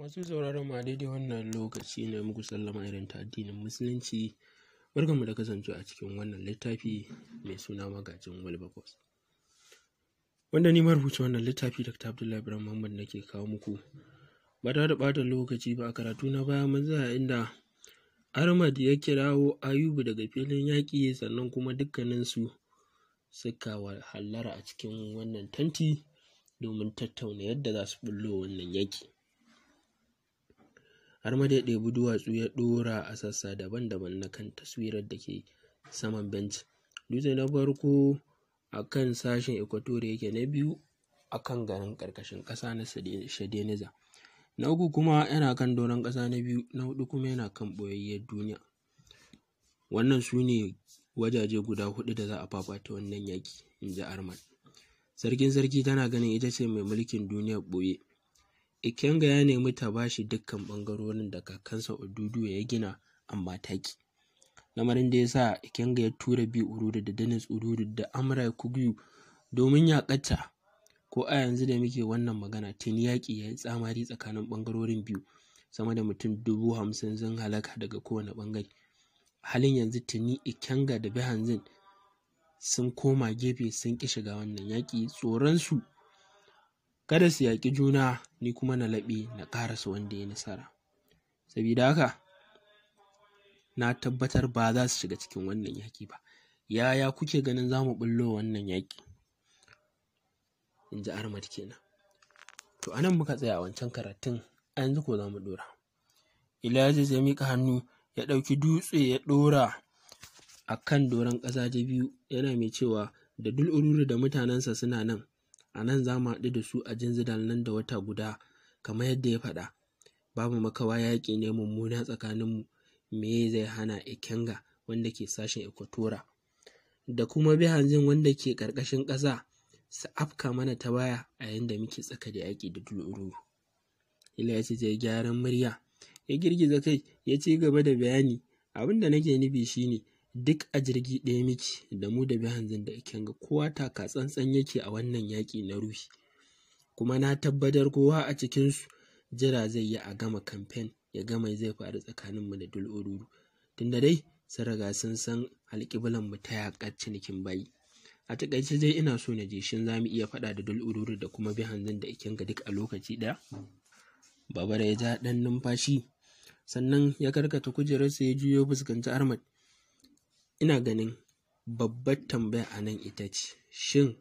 Masu sauraron ma daidai wannan lokaci ne muku sallama irin ta addinin musulunci. mu da kasancewa a cikin wannan littafi mai suna magajin Wilberforce. Wanda ni marubuci wannan littafi Dr. Abdullahi Ibrahim Muhammad nake kawo muku. Ba ta da ɓata lokaci ba a karatu na baya mun zaya inda Ahmad ya kirawo Ayubu daga filin yaƙi sannan kuma su suka wahalara a cikin wannan tanti domin tattauna yadda za su bullo wannan yaƙi. har ma da ya ɗebi duwatsu ya ɗora a sassa daban-daban na kan taswirar da ke saman benci dutse na farko a kan sashen ekwatoriya yake na biyu a kan garin ƙarƙashin ƙasa na shadeniza na uku kuma yana kan doron ƙasa na biyu na hudu kuma yana kan ɓoyayyar duniya wannan su ne wajaje guda huɗu da za a fafata wannan yaƙi in ji arman sarkin sarki tana ganin ita ce mai mulkin duniyar ɓoye Ikenga ya nemi ta ba shi dukkan ɓangarorin da kakansa Oduduwa ya gina amma ta Lamarin da ya sa Ikenga ya tura bi Ururu da Dennis Ururu da Amra Kuguyu domin yaƙata ko a yanzu da muke wannan magana tuni yaƙi ya yi tsamari tsakanin ɓangarorin biyu sama da mutum dubu hamsin zan halaka daga kowane ɓangare. halin yanzu tuni Ikenga da Behanzin sun koma gefe sun ƙi shiga wannan yaƙi tsoron su. kada su yaƙi juna ni kuma na laɓi na ƙarasa wanda ya nasara sabida haka na tabbatar ba za su shiga cikin wannan yaƙi ba yaya kuke ganin za mu ɓullo wannan yaƙi in ji armad kenan to anan muka tsaya wancan karatun a yanzu ko za mu ɗora iliyazis ya miƙa hannu ya ɗauki dutse ya ɗora a kan doron ƙasa ta biyu yana mai cewa da dul da mutanensa suna nan a nan za mu haɗu da su a jinzidal nan da wata guda kamar yadda ya faɗa babu makawa yaƙi ne mummuna tsakaninmu me zai hana ikenga wanda ke sashen ekwatora da kuma hanzin wanda ke ƙarƙashin ƙasa su afka mana ta baya a yadda muke tsaka da yaƙi da dururu ila ya ce gyaran murya ya girgiza kai ya ci gaba da bayani Abinda da nake nufi shine duk a jirgi ɗaya muke da mu da Bahanzin da ga kowa taka tsantsan yake a wannan yaƙi na ruhi kuma na tabbatar kowa a cikinsu jira zai yi a gama kamfen ya gama zai faru tsakaninmu da dul'ururu tunda dai sun riga sun san alƙiblan mu ta yaƙar cinikin bayi a taƙaice dai ina so na je shin za mu iya faɗa da duluru da kuma Bahanzin da ga duk a lokaci ɗaya Babara ya ja ɗan numfashi sannan ya karkata kujerarsa ya juyo fuskanci Ahmad Ina ganin babbar tambaya a nan ita ce, shin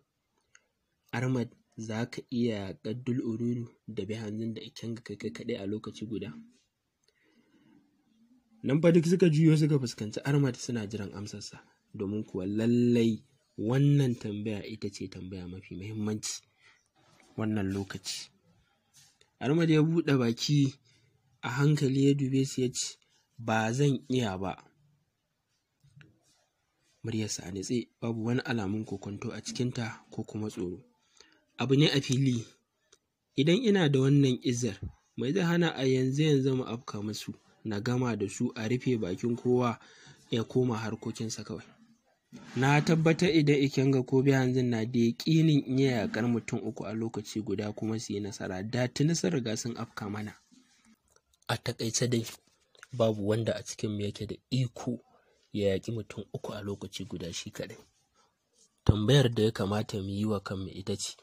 Ahmad za ka iya yaƙar dul'ururu da bi hannun da ikenga kai kai kaɗai a lokaci guda? Nan fa duk suka juyo suka fuskanci Ahmad suna jiran amsarsa, domin kuwa lallai wannan tambaya ita ce tambaya mafi muhimmanci wannan lokaci. Ahmad ya buɗe baki a hankali ya dube su ya ce, ba zan iya ba. muryarsa a nitse babu wani alamun kokonto a cikinta ko kuma tsoro abu ne a fili idan ina da wannan izar mai zai hana a yanzu yanzu mu afka musu na gama da su a rufe bakin kowa ya koma harkokinsa kawai na tabbatar idan ikenga ko hanzu na da yaƙinin iya yakar mutum uku a lokaci guda kuma su yi nasara da tuni sun riga sun afka mana a taƙaice dai babu wanda a cikin mu yake da iko ya yaƙi mutum uku a lokaci guda shi kaɗai tambayar da ya kamata mu yi wa kanmu ita ce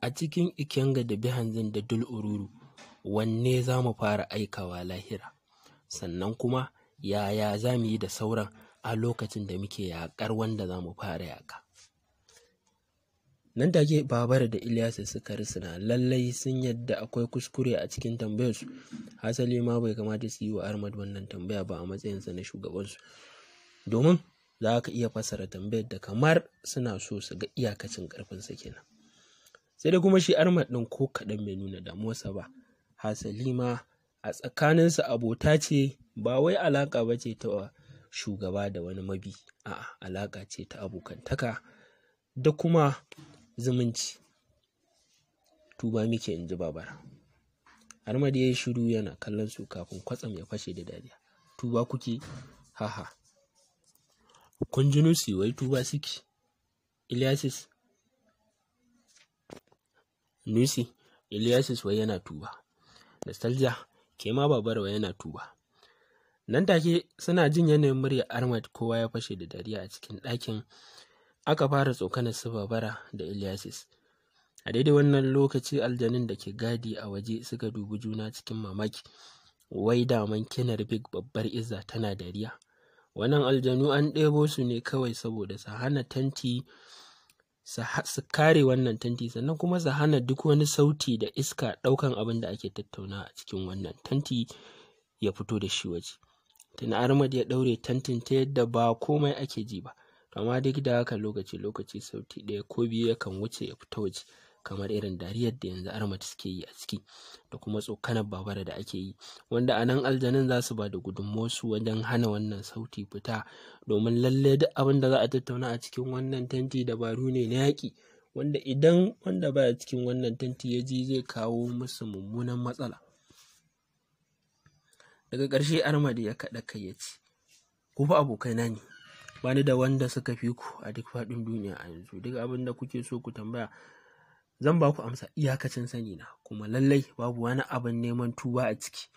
a cikin ikenga da bihanzin da dul ururu wanne za mu fara aikawa lahira sannan kuma yaya za mu yi da sauran a lokacin da muke yaƙar wanda za mu fara yaƙa nan da ke babar da Ilyasu suka risina lallai sun yadda akwai kuskure a cikin tambayarsu hasali ma bai kamata su yi wa Ahmad wannan tambaya ba a matsayinsa na shugabansu domin za ka iya fasara, tambayar da kamar suna so su ga iyakacin sa kenan sai da kuma shi armad ɗin ko kaɗan mai nuna damuwarsa ba hasali ma a tsakaninsa abota ce ba wai alaƙa ba ce ta shugaba da wani mabi a'a alaka ce ta abokantaka da kuma zumunci tuba muke in ji babara armad ya yi shiru yana kallon su kafin kwatsam ya fashe da dariya tuba kuke haha Nusi wai tuba siki, Iliasis, Nusi, Iliasis wai yana tuba, Nostalgia, ke ma babar wai yana tuba. Nan take suna jin yanayin murya armad kowa ya fashe da dariya a cikin ɗakin aka fara tsokana su babara da Iliasis. A daidai wannan lokaci aljanin da ke gadi a waje suka dubi juna cikin mamaki, wai daman kinar Big babbar Izza tana dariya. wannan aljanu an ɗebo su ne kawai saboda su hana tanti su kare wannan tanti sannan kuma su hana duk wani sauti da iska ɗaukan abin da ake tattauna a cikin wannan tanti ya fito da shi waje tun armad ya ɗaure tantin ta yadda ba komai ake ji ba amma duk da haka lokaci lokaci sauti ɗaya ko biyu yakan wuce ya fita waje kamar irin dariyar da yanzu Ahmad suke yi a ciki da kuma tsokanar babara da ake yi wanda a nan aljanun za su ba da gudunmosu wajen hana wannan sauti fita domin lallai duk abin da za a tattauna a cikin wannan tanti dabaru ne na yaƙi wanda idan wanda baya cikin wannan tanti ya ji zai kawo musu mummunan matsala daga ƙarshe armadi ya kaɗa kai ya ce ku fa abokai na ne ba ni da wanda suka fi ku a duk faɗin duniya a yanzu duk abin da kuke so ku tambaya zan ba ku amsa iyakacin sani na kuma lallai babu wani abin neman tuba a ciki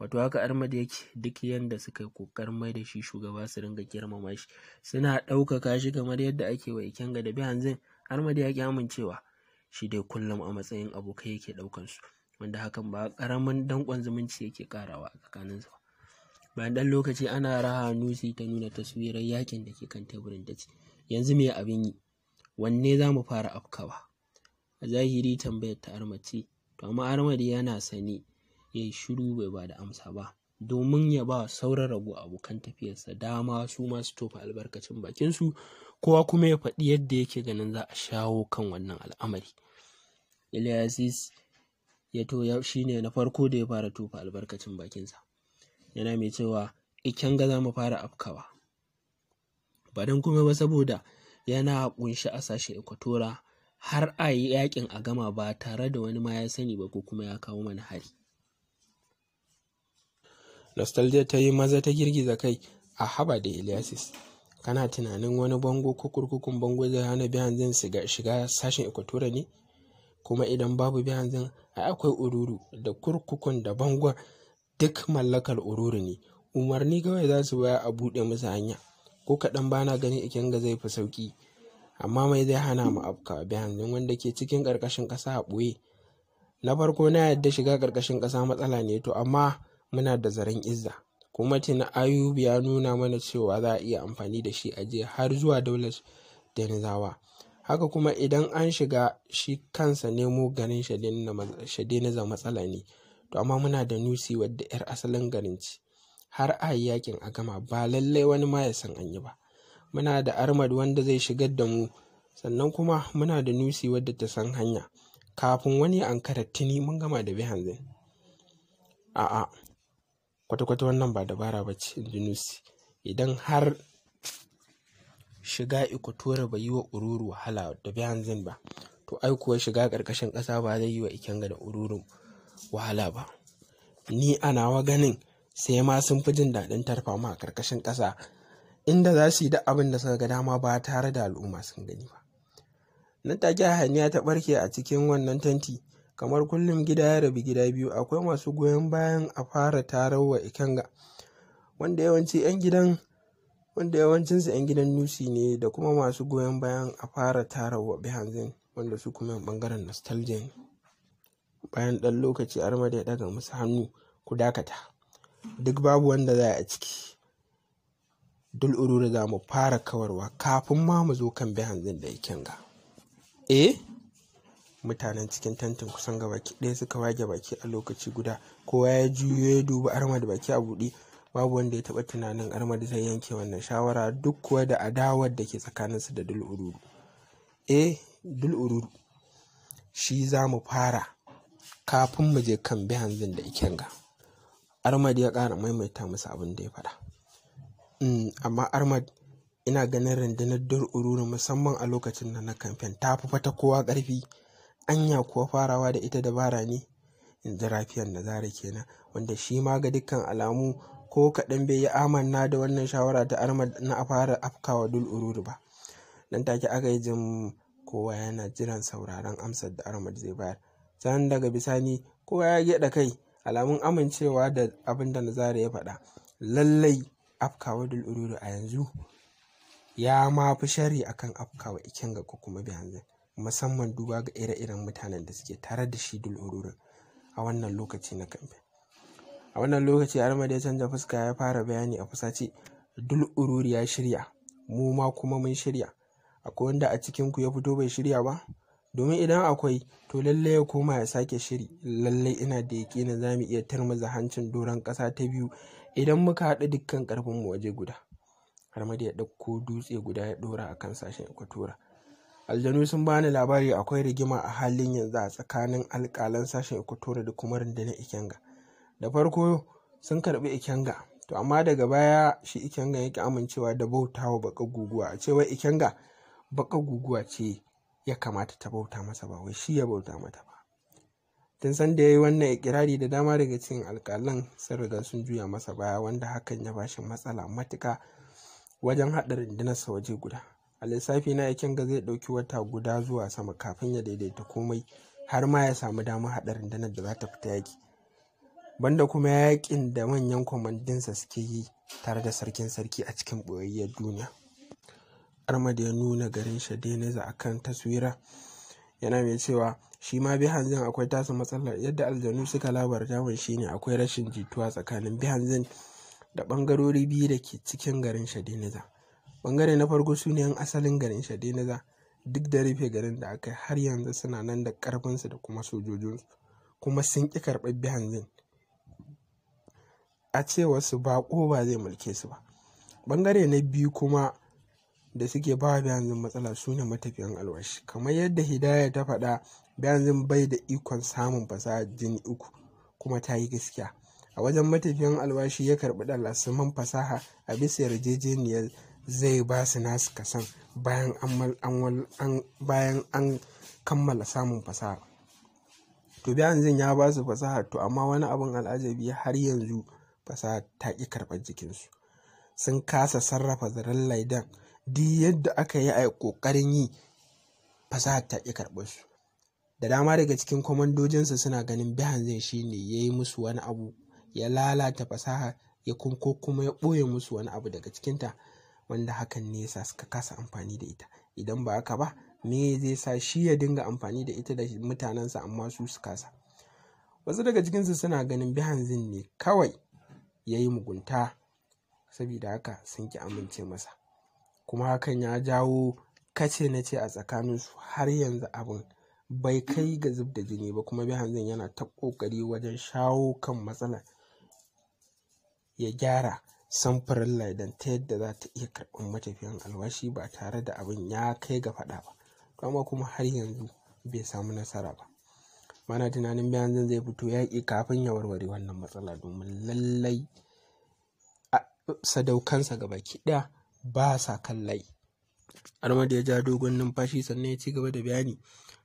wato haka armad yake duk yanda suka yi kokar mai da shi shugaba su ringa girmama shi suna ɗaukaka shi kamar yadda ake wa ga da hanzin armad ya ƙi amincewa shi dai kullum a matsayin abokai yake ɗaukan su wanda hakan ba ƙaramin danƙon zumunci yake ƙarawa a tsakanin su bayan ɗan lokaci ana raha nusi ta nuna taswirar yakin da ke kan teburin ta ce yanzu me abin yi wanne za mu fara afkawa a zahiri tambayar ta armaci, ce to amma armadi yana sani ya yi shiru bai ba da amsa ba domin ya ba sauran rago abokan tafiyarsa dama su masu tofa albarkacin bakinsu kowa kuma ya faɗi yadda yake ganin za a shawo kan wannan al'amari Ilyasis ya to shi ne na farko da ya fara tofa albarkacin bakinsa yana mai cewa iken ga za mu fara afkawa ba don kuma ba saboda yana kunshi a sashe ekwatora har a yi yakin a gama ba tare da wani ma ya sani ba ko kuma ya kawo mana hari nostalgia ta yi maza ta girgiza kai a haba da iliasis kana tunanin wani bango ko kurkukun bango zai hana biyan zin shiga sashen ekwatora ne kuma idan babu biyan zin a akwai ururu da kurkukun da bangon duk mallakar ururu ne umarni kawai za su baya a buɗe musu hanya ko kaɗan bana ganin ikin ga zai fi sauki amma mai zai hana mu afka bi hannun wanda ke cikin ƙarƙashin ƙasa a ɓoye na farko na yadda shiga ƙarƙashin ƙasa matsala ne to amma muna da zaren izza kuma tina ayubu ya nuna mana cewa za a iya amfani da shi aje har zuwa daular denizawa haka kuma idan an shiga shi kansa nemo garin shadeniza matsala ne to amma muna da nusi wadda 'yar asalin garin ci har a yakin a gama ba lallai wani ma ya san an yi ba muna da armad wanda zai shigar da mu sannan kuma muna da nusi wadda ta san hanya kafin wani ankara tuni mun gama da bihanzin a'a kwata-kwata wannan ba dabara ba ce da nusi idan har shiga ikotora bai yi wa ururu wahala da zai ba to ai kuwa shiga ƙarƙashin ƙasa ba zai yi wa ikenga da ururu wahala ba ni a nawa ganin sai ma sun fi jin daɗin tarfa ma a ƙarƙashin ƙasa inda za su yi duk abin da suka ga dama ba tare da al'umma sun gani ba nan take hanya ta barke a cikin wannan tanti kamar kullum gida ya rabi gida biyu akwai masu goyon bayan a fara tarawa ikenga wanda yawanci 'yan gidan wanda su 'yan gidan nusi ne da kuma masu goyon bayan a fara tarawa bihanzin wanda su kuma bangaren nostalgia ne bayan ɗan lokaci armada ya daga musu hannu ku dakata duk babu wanda za a ciki dul ururi za mu fara kawarwa kafin ma mu zo kan bi da yake ga eh mutanen cikin tantin kusan ga baki ɗaya suka wage baki a lokaci guda kowa ya juyo ya dubi armad baki a buɗe babu wanda ya taɓa tunanin armad zai yanke wannan shawara duk kuwa da adawar da ke tsakaninsu da dul ururu eh dul ururu shi za mu fara kafin mu je kan bihanzin zin da ikenga armad ya ƙara maimaita musu abin da ya faɗa Mm, amma Ahmad ina ganin rundunar ururu musamman a lokacin nan na kamfen ta fi fata kowa ƙarfi anya kuwa farawa da ita dabara ne in ji rafiyar da zara kenan wanda shi ma ga dukkan alamu ko kaɗan bai yi amanna da wannan shawara ta Ahmad na a fara afkawa ururu ba nan take aka yi jin kowa yana jiran sauraron amsar da Ahmad zai bayar can daga bisani kowa ya gyaɗa kai alamun amincewa da abin da Nazari ya faɗa lallai afkawa dul'ururu a yanzu ya ma fi shari akan afkawa ikenga ko kuma musamman duba ga ire-iren mutanen da suke tare da shi dul'ururu a wannan lokaci na kamfe a wannan lokaci armada ya canza fuska ya fara bayani a fusace dul'ururu ya shirya mu ma kuma mun shirya akwai wanda a cikin ku ya fito bai shirya ba domin idan akwai to lallai ya koma ya sake shiri lallai ina da yaƙinin za mu iya tarmaza hancin doron ƙasa ta biyu idan muka haɗa dukkan mu waje guda ma ya ɗauko dutse guda ya ɗora a kan sashen ekwatora aljanu sun bani labari akwai rigima a halin yanzu a tsakanin alƙalan sashen ekwatora da kuma rundunar ikenga da farko sun karɓi ikenga to amma daga baya shi ikenga yake amincewa da bautawa baka guguwa a cewa ikenga baka guguwa ce ya kamata ta bauta masa ba wai shi ya bauta mata tun sanda ya yi wannan ikirari da dama daga cikin alkalan sun riga sun juya masa baya wanda hakan ya bashi matsala matuka wajen haɗa rundunarsa waje guda a lissafi na ga zai ɗauki wata guda zuwa sama kafin ya daidaita komai har ma ya samu damar haɗa rundunar da za ta fita yaki banda kuma yaƙin da manyan kwamandinsa suke yi tare da sarkin sarki a cikin ɓoyayyar duniya armad ya nuna garin shadeniza a kan taswira yana mai cewa shi ma Behanzin akwai tasa matsalar yadda aljanu suka labarta shi shine akwai rashin jituwa tsakanin bihanzin da ɓangarori biyu da ke cikin garin Shadeniza. Ɓangare na farko su ne asalin garin Shadeniza duk da rufe garin da aka har yanzu suna nan da ƙarfinsu da kuma sojojinsu kuma sun ƙi karɓar Behanzin. A su baƙo ba zai mulke su ba. Ɓangare na biyu kuma da suke ba wa matsala su ne matafiyan alwashi kamar yadda Hidaya ta faɗa zan bai da ikon samun fasahar jini uku kuma ta yi gaskiya. A wajen matafiyan alwashi ya karbi dalasaman fasaha a bisa yarjejeniyar zai ba su nasu kasan bayan an kammala samun fasaha. To Brazil ya ba su fasaha to amma wani abin al'ajabi har yanzu fasaha ta ƙi karɓar jikinsu. Sun kasa sarrafa zaren laidan duk yadda aka yi a ƙoƙarin yi fasaha ta ƙi karɓar su. da dama daga cikin kwamandojinsa suna ganin bihanzin shi ne ya yi musu wani abu ya lalata fasaha ya ko kuma ya ɓoye musu wani abu daga cikinta wanda hakan ne sa suka kasa amfani da ita idan ba haka ba me zai sa shi ya dinga amfani da ita da mutanensa amma su su kasa wasu daga cikinsu suna ganin zin ne kawai ya yi mugunta saboda haka sun ki amince masa kuma hakan ya jawo kace na ce a tsakaninsu har yanzu abin bai kai ga zub da jini ba kuma bihanzin yana ta kokari wajen shawo kan matsalar ya gyara samfurin laidan ta yadda za ta iya karɓar matafiyan alwashi ba tare da abin ya kai ga faɗa ba amma kuma har yanzu bai samu nasara ba mana tunanin zan zai fito yaƙi kafin ya warware wannan matsala domin lallai sadaukansa ga baki ɗaya ba sa kan layi ya ja dogon numfashi sannan ya ci gaba da bayani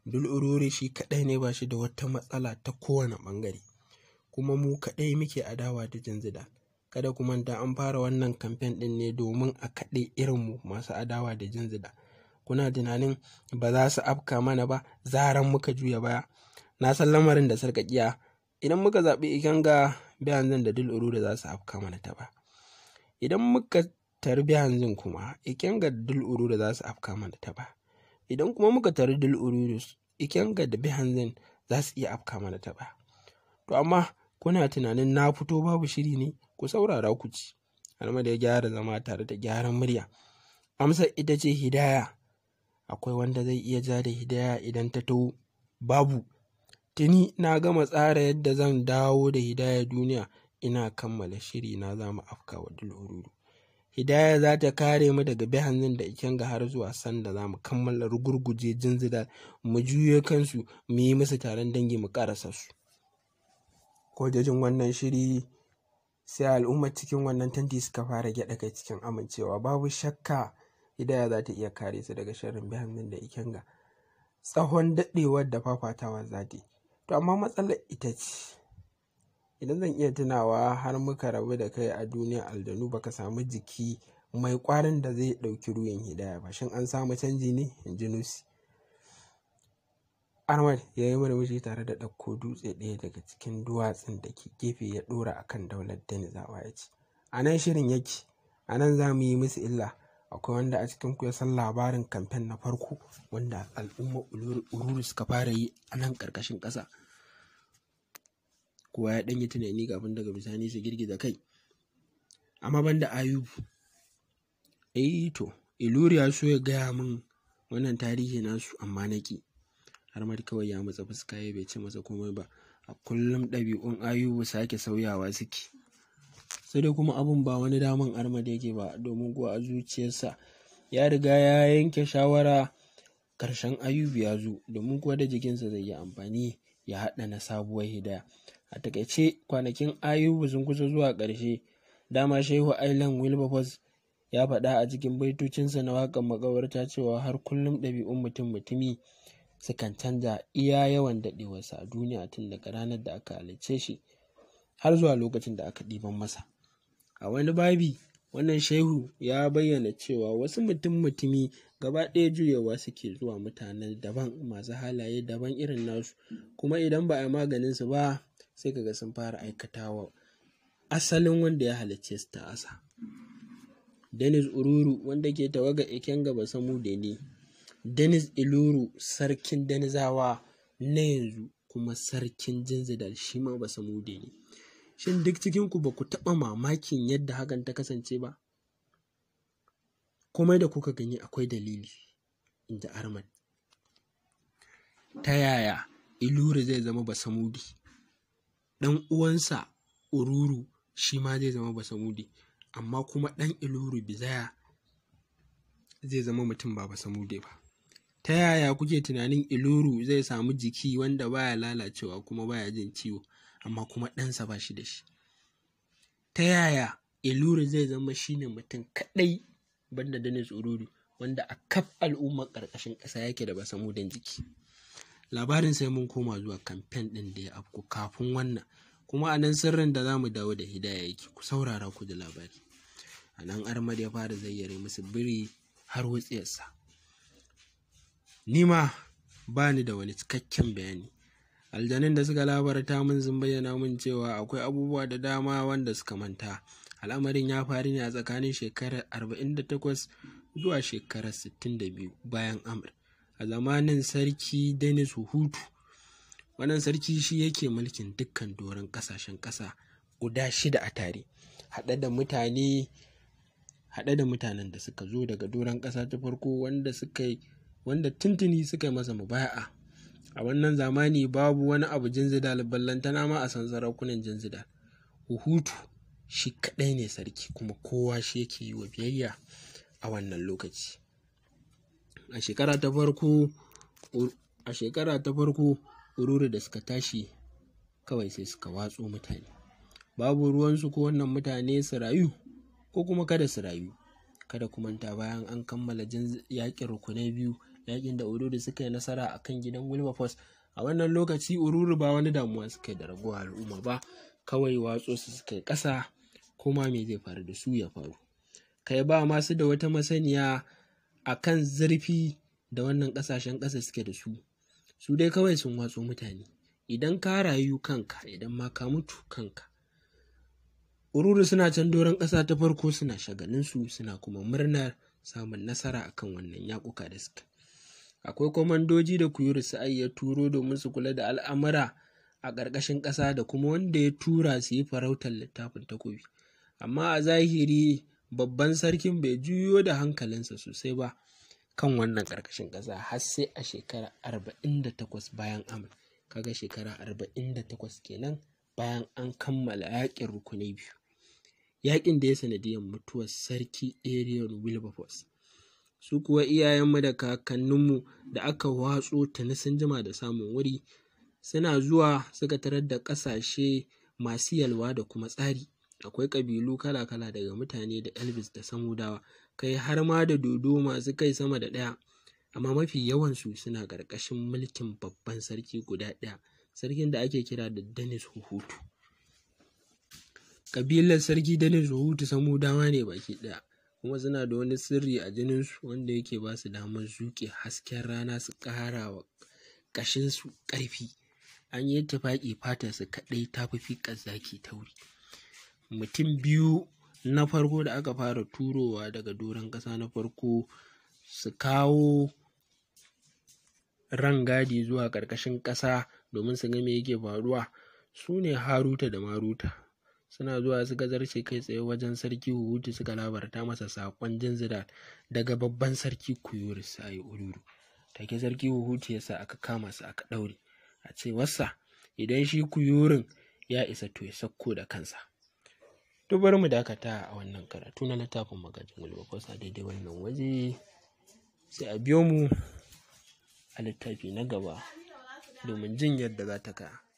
dulurori shi kadai ne ba shi da wata matsala ta kowane ɓangare. Kuma mu kadai muke adawa da zida. Kada kuma da an fara wannan kamfen ɗin ne domin a kaɗe mu masu adawa da zida. Kuna tunanin ba za su afka mana ba zaran muka juya baya. Na san lamarin da sarkakiya. idan muka zaɓi biyan Bihanzin da Dil'ururi za su afka mana ta ba. Idan muka tarbi zin kuma Ikenga da za su afka mana ta ba. idan kuma muka tari dil ururus ikenga da bihanzin za su iya afka mana ta to amma kuna tunanin na fito babu shiri ne ku saurara ku ci alma da ya gyara zama tare da gyaran murya Amsa ita ce hidaya akwai wanda zai iya ja da hidaya idan ta ta'u? babu tuni na gama tsara yadda zan dawo da hidaya duniya ina kammala shiri na za mu afka wa dulururu hidaya za ta kare mu daga bihanzin da ikenga har zuwa sanda za mu kammala rugurguje jinzida mu juye kansu mu yi musu taron dangi mu karasa su ko kojejin wannan shiri sai al'ummar cikin wannan tanti suka fara gyaɗa kai cikin amincewa babu shakka hidaya za ta iya kare su daga sharrin bihanzin da ikenga tsawon daɗewar da fafatawa za ta yi to amma matsalar ita ce idan zan iya tunawa har muka rabu da kai a duniyar aljanu baka samu jiki mai kwarin da zai ɗauki ruwan hidaya ba shin an samu canji ne in ji nusi armad ya yi murmushi tare da ɗauko dutse ɗaya daga cikin duwatsun da ke gefe ya ɗora a kan daular danizawa ya ce a nan shirin yake a nan za mu yi musu illa akwai wanda a cikin ku ya san labarin kamfen na farko wanda al'umma ururu suka fara yi a nan ƙarƙashin ƙasa kowa ya ɗanyi tunani kafin daga bisani su girgiza kai amma ban da ayubu eh to iluriya so ya gaya min wannan tarihi nasu amma naki har ma kawai ya matsa fuska ya bai ce masa komai ba a kullum ɗabi'un ayubu sake sauyawa suke sai dai kuma abin ba wani daman armad yake ba domin kuwa a zuciyarsa ya riga ya yanke shawara karshen ayubu ya zo domin kuwa da jikinsa zai yi amfani ya haɗa na sabuwar hidaya a takaice kwanakin ayubu sun kusa zuwa ƙarshe dama shehu ailan wilberforce ya faɗa a cikin baitocinsa na waƙar makawarta cewa har kullum ɗabi'un mutum mutumi sukan canza iya yawan daɗewarsa a duniya tun daga ranar da aka halicce shi har zuwa lokacin da aka ɗiban masa a wani babi wannan shehu ya bayyana cewa wasu mutum mutumi gaba ɗaya juyawa suke zuwa mutanen daban masu halaye daban irin nasu kuma idan ba a maganin su ba sai kaga sun fara aikata wa asalin wanda ya halicce su ta asa denis ururu wanda ke tawaga iken gaba samu da ne denis iluru sarkin danizawa na yanzu kuma sarkin jinzidal shi ma ba samu da ne shin duk cikin ku ba ku taɓa mamakin yadda hakan ta kasance ba komai da kuka gani akwai dalili inda arman ta yaya iluru zai zama basamudi ɗan uwansa ururu shi ma zai zama basamudi amma kuma ɗan iluru bizaya zai zama mutum ba basamude ba ta yaya kuke tunanin iluru zai samu jiki wanda baya lalacewa kuma baya jin ciwo amma kuma ɗansa ba shi da shi ta yaya iluru zai zama shine mutum kaɗai banda denis ururu wanda a kaf al'ummar ƙarƙashin ƙasa yake da basamuden jiki labarin sai mun koma zuwa kamfen ɗin da ya afku kafin wannan kuma a nan sirrin da za mu dawo da hidaya yake ku saurara ku da labari a nan armad ya fara zayyare musu biri har wutsiyarsa nima ba ni da wani cikakken bayani aljanun da suka labarta min sun bayyana min cewa akwai abubuwa da dama wanda suka manta al'amarin ya faru ne a tsakanin shekarar 48 zuwa shekarar 62 bayan amur a zamanin sarki Denis Hutu. Wannan sarki shi yake mulkin dukkan doron ƙasashen ƙasa guda shida a tare, haɗe da mutane haɗe da mutanen da suka zo daga doron ƙasa ta farko wanda suka wanda tuntuni suka yi masa mubaya'a a wannan zamani babu wani abu jinzidal ballantana ma a san sarakunan jinzidal hutu shi kaɗai ne sarki kuma kowa shi yake yi wa biyayya a wannan lokaci a shekara ta farko a shekara ta farko ururi da suka tashi kawai sai suka watso mutane babu ruwansu ko wannan mutane su rayu ko kuma kada su rayu kada ku manta bayan an kammala yakin rukunai biyu yakin da ururi suka yi nasara a kan gidan wilberforce a wannan lokaci ururu ba wani damuwa suka yi da raguwa al'umma ba kawai watso su suka yi ƙasa kuma me zai faru da su ya faru kai ba masu da wata masaniya a kan zurfi da wannan ƙasashen ƙasa suke da su su dai kawai sun watso mutane idan ka rayu kanka idan ma ka mutu kanka ururu suna can doron ƙasa ta farko suna shagalinsu suna kuma murnar samun nasara akan wannan yakuka da suka akwai kwamandoji da kuyuri su ya turo domin su kula da al'amura a ƙarƙashin ƙasa da kuma wanda ya tura su yi farautar littafin takobi amma a zahiri babban sarkin bai juyo da hankalinsa sosai ba kan wannan ƙarƙashin ƙasa har sai a shekara 48 bayan amur kaga shekara 48 kenan bayan an kammala yaƙin rukunai biyu yaƙin da ya sanadiyar mutuwar sarki ariel wilberforce su kuwa iyayenmu da kakanninmu da aka watso tuni sun jima da samun wuri suna zuwa suka tarar da ƙasashe masu yalwa da kuma tsari akwai ƙabilu kala-kala daga mutane da elvis da samudawa kai har ma da dodo masu kai sama da ɗaya amma mafi yawansu suna ƙarƙashin mulkin babban sarki guda ɗaya sarkin da ake kira da denis huhutu ƙabilar sarki denis huhutu samudawa ne baki ɗaya kuma suna da wani sirri a jininsu wanda yake ba su damar zuƙe hasken rana su ƙara wa ƙashinsu ƙarfi an yi tufaƙi fatarsu kaɗai ta fi fiƙar zaki tauri mutum biyu na farko da aka fara turowa daga doron ƙasa na farko su kawo ran gadi zuwa ƙarƙashin ƙasa domin su ga me yake faruwa su ne haruta da maruta suna zuwa suka zarce kai tsaye wajen sarki huhutu suka labarta masa saƙon jinzida daga babban sarki kuyuri sa yi ururu take sarki huhutu ya sa aka kama su aka ɗaure a ce wasa idan shi kuyurin ya isa to ya sakko da kansa to bari mu dakata a wannan karatu na littafin magajin ko a daidai wannan waje sai a biyo mu a littafi na gaba domin jin yadda za ta kaya